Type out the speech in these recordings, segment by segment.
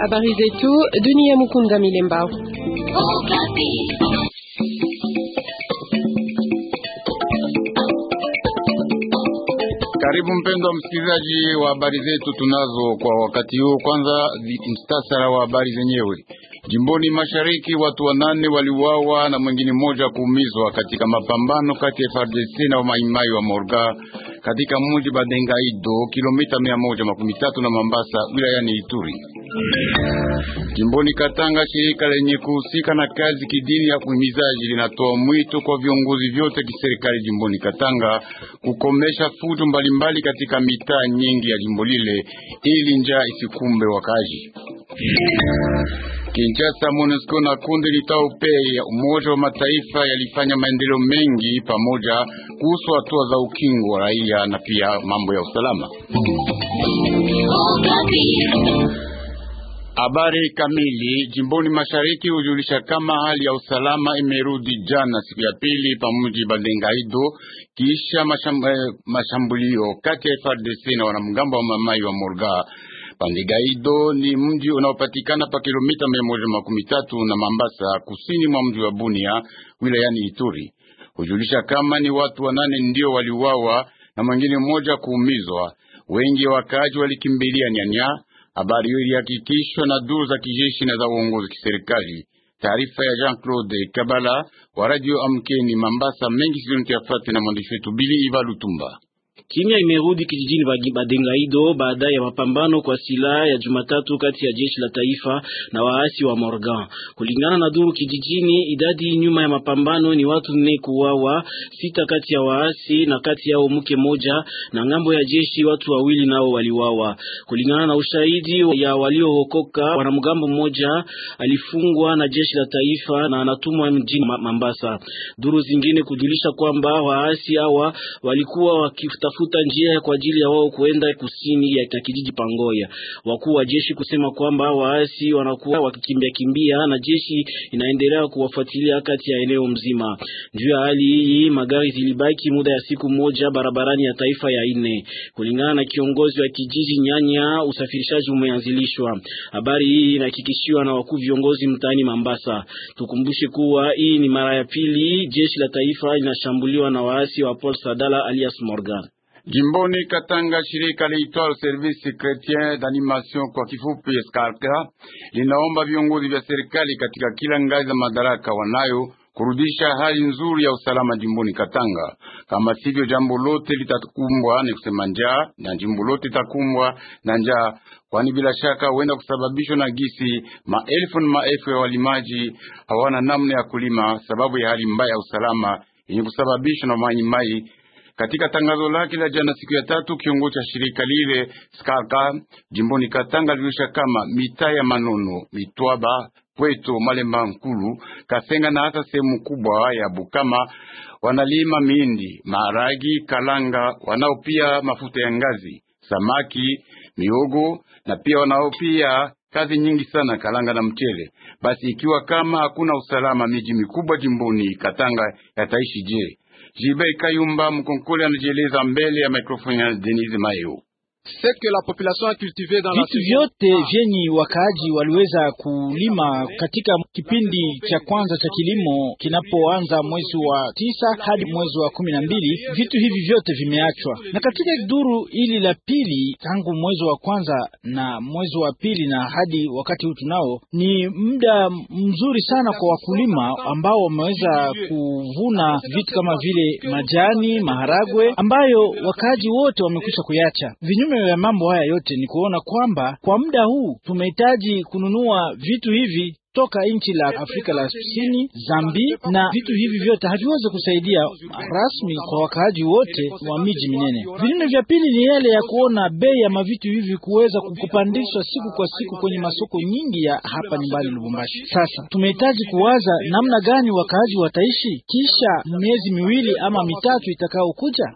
Habari zetu Denis ya Mukunda Milemba. Karibu mpendwa msikilizaji wa habari zetu tunazo kwa wakati huu. Kwanza mstasara wa habari zenyewe. Jimboni mashariki watu wanane waliuawa na mwingine mmoja kuumizwa katika mapambano kati ya FARDC na wamaimai wa Morga katika mji Badengaido kilomita mia moja makumi tatu na Mambasa wilayani Ituri. Jimboni Katanga, shirika lenye kuhusika na kazi kidini ya kuhimizaji linatoa mwito kwa viongozi vyote kiserikali jimboni Katanga kukomesha fujo mbalimbali katika mitaa nyingi ya jimbo lile ili njaa isikumbe wakazi. Kinshasa, MONUSCO na kundi litaopei ya Umoja wa Mataifa yalifanya maendeleo mengi pamoja kuhusu hatua za ukingo wa raia na pia mambo ya usalama. Oh, Habari kamili jimboni mashariki hujulisha kama hali ya usalama imerudi jana siku ya pili pamuji Badengaido kisha masham, eh, mashambulio kati ya FARDC na wanamgambo wa mamai wa Morga. Pandegaido ni mji unaopatikana pa kilomita mia moja makumi tatu na Mambasa, kusini mwa mji wa Bunia wilayani Ituri. Hujulisha kama ni watu wanane ndio waliuawa na mwingine mmoja kuumizwa. Wengi wakaaji walikimbilia Nyanya Habari hiyo ilihakikishwa na duru za kijeshi na za uongozi kiserikali. Taarifa ya Jean-Claude Kabala wa Radio Amkeni Mambasa, mengi sioni tuyafate na mwandishi wetu Bili Ivalutumba. Kimya imerudi kijijini Badengaido baada ya mapambano kwa silaha ya Jumatatu kati ya jeshi la taifa na waasi wa Morgan. Kulingana na duru kijijini, idadi nyuma ya mapambano ni watu nne kuuawa, sita kati ya waasi na kati yao mke moja, na ngambo ya jeshi watu wawili nao waliuawa. Kulingana na ushahidi ya waliookoka, wanamgambo mmoja alifungwa na jeshi la taifa na anatumwa mjini Mambasa. Duru zingine kujulisha kwamba waasi hawa walikuwa wakitafuta kutafuta njia kwa ajili ya wao kuenda kusini ya kijiji Pangoya. Wakuu wa jeshi kusema kwamba waasi wanakuwa wakikimbia kimbia na jeshi inaendelea kuwafuatilia kati ya eneo mzima. Juu ya hali hii, magari zilibaki muda ya siku moja barabarani ya taifa ya ine. Kulingana na kiongozi wa kijiji Nyanya, usafirishaji umeanzilishwa. Habari hii inahakikishiwa na wakuu viongozi mtaani Mambasa. Tukumbushe kuwa hii ni mara ya pili jeshi la taifa linashambuliwa na waasi wa Paul Sadala alias Morgan. Jimboni Katanga, shirika liitwalo Service Chretien d'Animation kwa kifupi SCARCA linaomba viongozi vya serikali katika kila ngazi za madaraka wanayo kurudisha hali nzuri ya usalama jimboni Katanga. Kama sivyo, jambo lote litakumbwa ni kusema njaa, na jimbo lote litakumbwa na njaa, kwani bila shaka huenda kusababishwa na gisi. Maelfu na maelfu ya walimaji hawana namna ya kulima sababu ya hali mbaya ya usalama yenye kusababishwa na maimai katika tangazo lake la jana siku ya tatu, kiongozi cha shirika lile skaka jimboni Katanga lilisha kama mitaa ya Manono, Mitwaba, Pweto, Malemba Nkulu, Kasenga na hata sehemu kubwa ya Bukama wanalima mindi, maharagi, kalanga, wanao pia mafuta ya ngazi, samaki, miogo na pia wanao pia kazi nyingi sana kalanga na mchele. Basi ikiwa kama hakuna usalama miji mikubwa jimboni Katanga yataishi je? Jibe Kayumba Mkonkole anajieleza mbele ya mikrofoni ya Denise Mayo. Vitu vyote ah. vyenye wakaaji waliweza kulima katika kipindi cha kwanza cha kilimo kinapoanza mwezi wa tisa hadi mwezi wa kumi na mbili, vitu hivi vyote vimeachwa. Na katika duru hili la pili, tangu mwezi wa kwanza na mwezi wa pili na hadi wakati huu tunao, ni muda mzuri sana kwa wakulima ambao wameweza kuvuna vitu kama vile majani, maharagwe ambayo wakaaji wote wamekwisha kuyacha vinyume kinyume ya mambo haya yote ni kuona kwamba kwa muda huu tumehitaji kununua vitu hivi toka nchi la Afrika la Kusini, Zambi, na vitu hivi vyote haviwezi kusaidia rasmi kwa wakaaji wote wa miji minene. Vilinu vya pili ni yale ya kuona bei ya mavitu hivi kuweza kupandishwa siku kwa siku kwenye masoko nyingi ya hapa nyumbani Lubumbashi. Sasa tumehitaji kuwaza namna gani wakaaji wataishi kisha miezi miwili ama mitatu itakayokuja.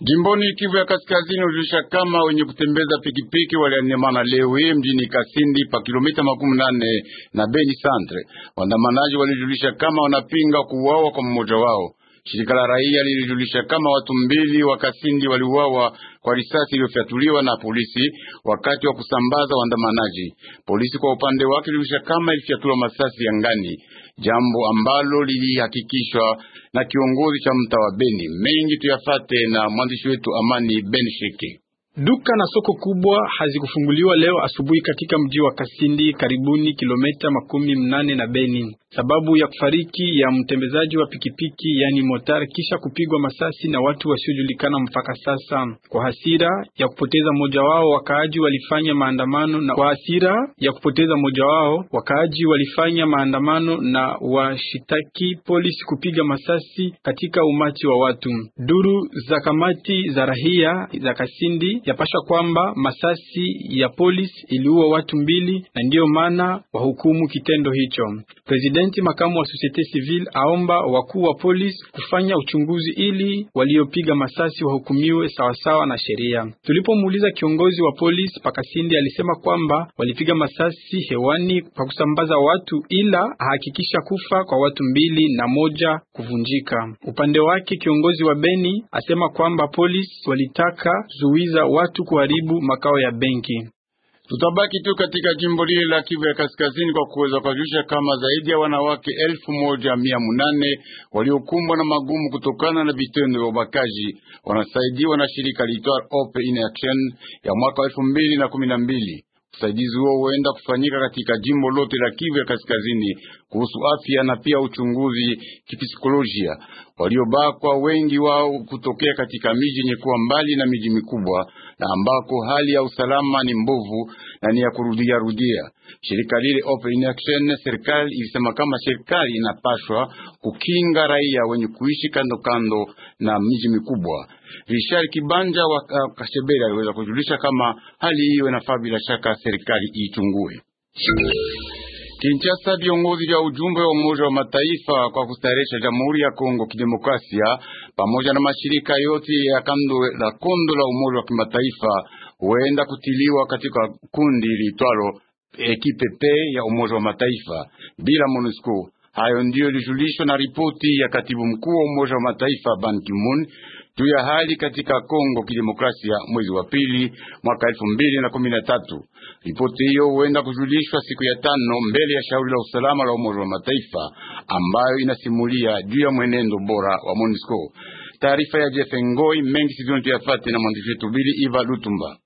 Jimboni Kivu ya Kaskazini ujulisha kama wenye kutembeza pikipiki waliandamana leo hii mjini Kasindi pa kilomita makumi nane na Beni Centre. Waandamanaji walijulisha kama wanapinga kuuawa kwa mmoja wao. Shirika la raia lilijulisha kama watu mbili wa Kasindi waliuawa kwa risasi iliyofyatuliwa na polisi wakati wa kusambaza waandamanaji. Polisi kwa upande wake ilijulisha kama ilifyatuliwa masasi ya ngani, jambo ambalo lilihakikishwa na kiongozi cha mtaa wa Beni. Mengi tuyafate na mwandishi wetu Amani Ben Sheke. Duka na soko kubwa hazikufunguliwa leo asubuhi katika mji wa Kasindi, karibuni kilomita makumi mnane na Beni. Sababu ya kufariki ya mtembezaji wa pikipiki yani motar kisha kupigwa masasi na watu wasiojulikana mpaka sasa. Kwa hasira ya kupoteza mmoja wao, wakaaji walifanya maandamano na kwa hasira ya kupoteza mmoja wao, wakaaji walifanya maandamano na washitaki polisi kupiga masasi katika umati wa watu. Duru za kamati za rahia za Kasindi yapasha kwamba masasi ya polisi iliua watu mbili na ndiyo maana wahukumu kitendo hicho. President Prezidenti makamu wa societe civile aomba wakuu wa polisi kufanya uchunguzi ili waliopiga masasi wahukumiwe sawasawa na sheria. Tulipomuuliza kiongozi wa polisi Pakasindi, alisema kwamba walipiga masasi hewani kwa kusambaza watu, ila ahakikisha kufa kwa watu mbili na moja kuvunjika. Upande wake kiongozi wa Beni asema kwamba polisi walitaka zuiza watu kuharibu makao ya benki. Tutabaki tu katika jimbo lile la Kivu ya Kaskazini kwa kuweza kujulisha kama zaidi ya wanawake elfu moja mia munane waliokumbwa na magumu kutokana na vitendo vya ubakaji wanasaidiwa na shirika liitwa Open in Action ya mwaka elfu mbili na kumi na mbili. Usaidizi huo huenda kufanyika katika jimbo lote la Kivu ya Kaskazini kuhusu afya na pia uchunguzi kipsikolojia. Waliobakwa wengi wao kutokea katika miji yenye kuwa mbali na miji mikubwa na ambako hali ya usalama ni mbovu na ni ya kurudia rudia. Shirika lile Open Action serikali ilisema kama serikali inapashwa kukinga raia wenye kuishi kando kando na miji mikubwa. Richard Kibanja wa uh, Kashebera aliweza kujulisha kama hali hiyo inafaa bila shaka serikali iichungue. Kinshasa, viongozi vya ujumbe wa Umoja wa Mataifa kwa kustaresha Jamhuri ya Kongo Kidemokrasia pamoja na mashirika yote ya kando la kondo la Umoja wa Kimataifa huenda kutiliwa katika kundi litwalo pe ya Umoja wa Mataifa bila MONUSCO. Hayo ndiyo ilijulishwa na ripoti ya katibu mkuu wa Umoja wa Mataifa Ban Ki-moon juu ya hali katika Kongo Kidemokrasia mwezi wa pili mwaka elfu mbili na kumi na tatu. Ripoti hiyo huenda kujulishwa siku ya tano mbele ya shauri la usalama la Umoja wa Mataifa ambayo inasimulia juu ya mwenendo bora wa MONUSCO. Taarifa ya Jeff Ngoi mengi sivyo tuyafate na mwandishi wetu Bili Iva Lutumba.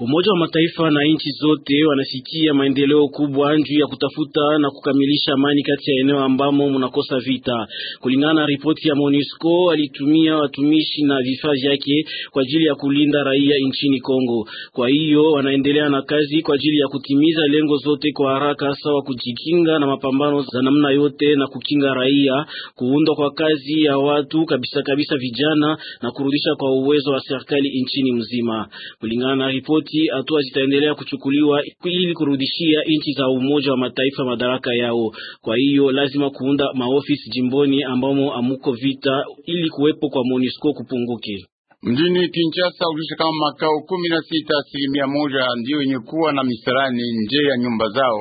Umoja wa Mataifa na nchi zote wanafikia maendeleo kubwa njuu ya kutafuta na kukamilisha amani kati ya eneo ambamo mnakosa vita. Kulingana na ripoti ya MONUSCO, alitumia watumishi na vifaa vyake kwa ajili ya kulinda raia nchini Kongo. Kwa hiyo wanaendelea na kazi kwa ajili ya kutimiza lengo zote kwa haraka, sawa kujikinga na mapambano za namna yote na kukinga raia, kuundwa kwa kazi ya watu kabisa kabisa vijana na kurudisha kwa uwezo wa serikali nchini mzima. Kulingana na ripoti wakati hatua zitaendelea kuchukuliwa ili kurudishia nchi za Umoja wa Mataifa madaraka yao. Kwa hiyo lazima kuunda maofisi jimboni ambamo amuko vita ili kuwepo kwa MONUSCO kupunguke. Mjini Kinshasa ulisha kama makao kumi na sita asilimia moja ndiyo yenye kuwa na misarani nje ya nyumba zao,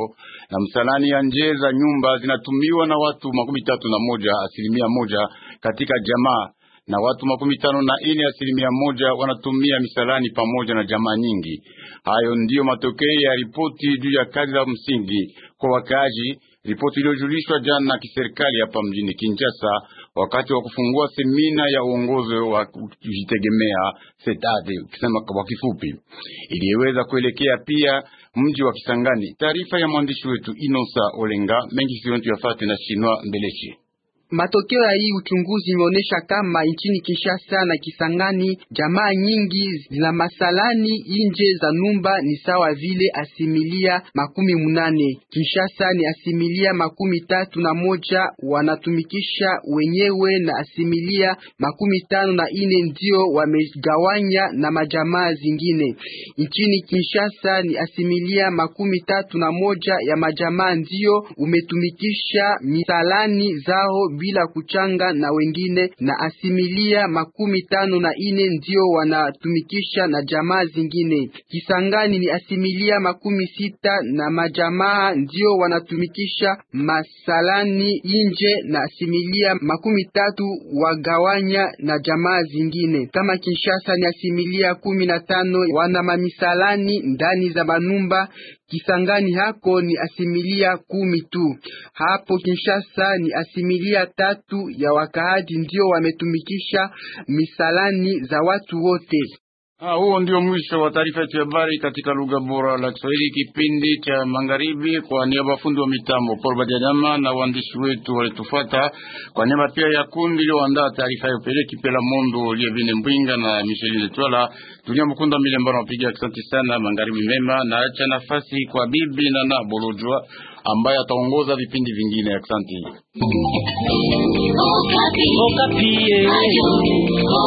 na misalani ya nje za nyumba zinatumiwa na watu makumi tatu na moja asilimia moja katika jamaa na watu makumi tano na ine asilimia moja wanatumia misalani pamoja na jamaa nyingi. Hayo ndiyo matokeo ya ripoti juu ya kazi za msingi kwa wakaaji, ripoti iliyojulishwa jana na kiserikali hapa mjini Kinshasa wakati wa kufungua semina ya uongozi wa kujitegemea SETAD, ukisema kwa kifupi, iliyeweza kuelekea pia mji wa Kisangani. Taarifa ya mwandishi wetu Inosa Olenga mengi siyo tuyafate na Shinwa Mbeleshi. Matokeo ya hii uchunguzi imeonyesha kama nchini Kinshasa na Kisangani jamaa nyingi zina masalani inje za numba ni sawa vile asimilia makumi munane. Kinshasa ni asimilia makumi tatu na moja wanatumikisha wenyewe na asimilia makumi tano na ine ndio wamegawanya na majamaa zingine. Nchini Kinshasa ni asimilia makumi tatu na moja ya majamaa ndio umetumikisha misalani zao bila kuchanga na wengine na asimilia makumi tano na ine ndio wanatumikisha na jamaa zingine. Kisangani ni asimilia makumi sita na majamaa ndio wanatumikisha masalani inje na asimilia makumi tatu wagawanya na jamaa zingine. Kama Kinshasa ni asimilia kumi na tano wana mamisalani ndani za manumba Kisangani hako ni asimilia kumi tu. Hapo Kinshasa ni asimilia tatu ya wakaaji ndio wametumikisha misalani za watu wote. Ha, ah, huo ndio mwisho wa taarifa yetu ya habari katika lugha bora la Kiswahili, kipindi cha magharibi. Kwa niaba fundi wa mitambo Paul Bajanyama na waandishi wetu walitufuata, kwa niaba pia ya kundi lililoandaa taarifa hiyo, Peleki Kipela Mondo, Lievine Mbwinga na Micheline Twala Dunia Mukunda Milemba wapiga, asante sana. Magharibi mema, na acha nafasi kwa bibi na na Bolojwa ambaye ataongoza vipindi vingine. Asante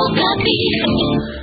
Okapi.